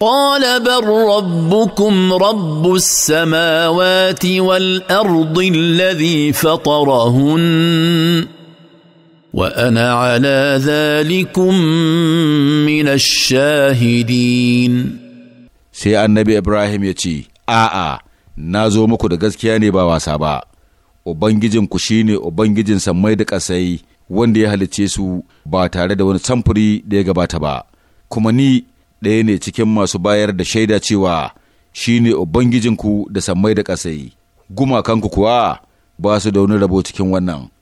قال بل ربكم رب السماوات والارض الذي فطرهن وانا على ذلكم من الشاهدين sai annabi ibrahim ya ce a'a na zo muku da gaskiya ne ba wasa ba ubangijinku shine ubangijin mai da ƙasai wanda ya halicce su ba tare da wani samfuri da ya gabata ba kuma ni ɗaya ne cikin masu bayar da shaida cewa shi ne Ubangijinku da sammai da ƙasai, gumakanku kuwa ba su da wani rabo cikin wannan.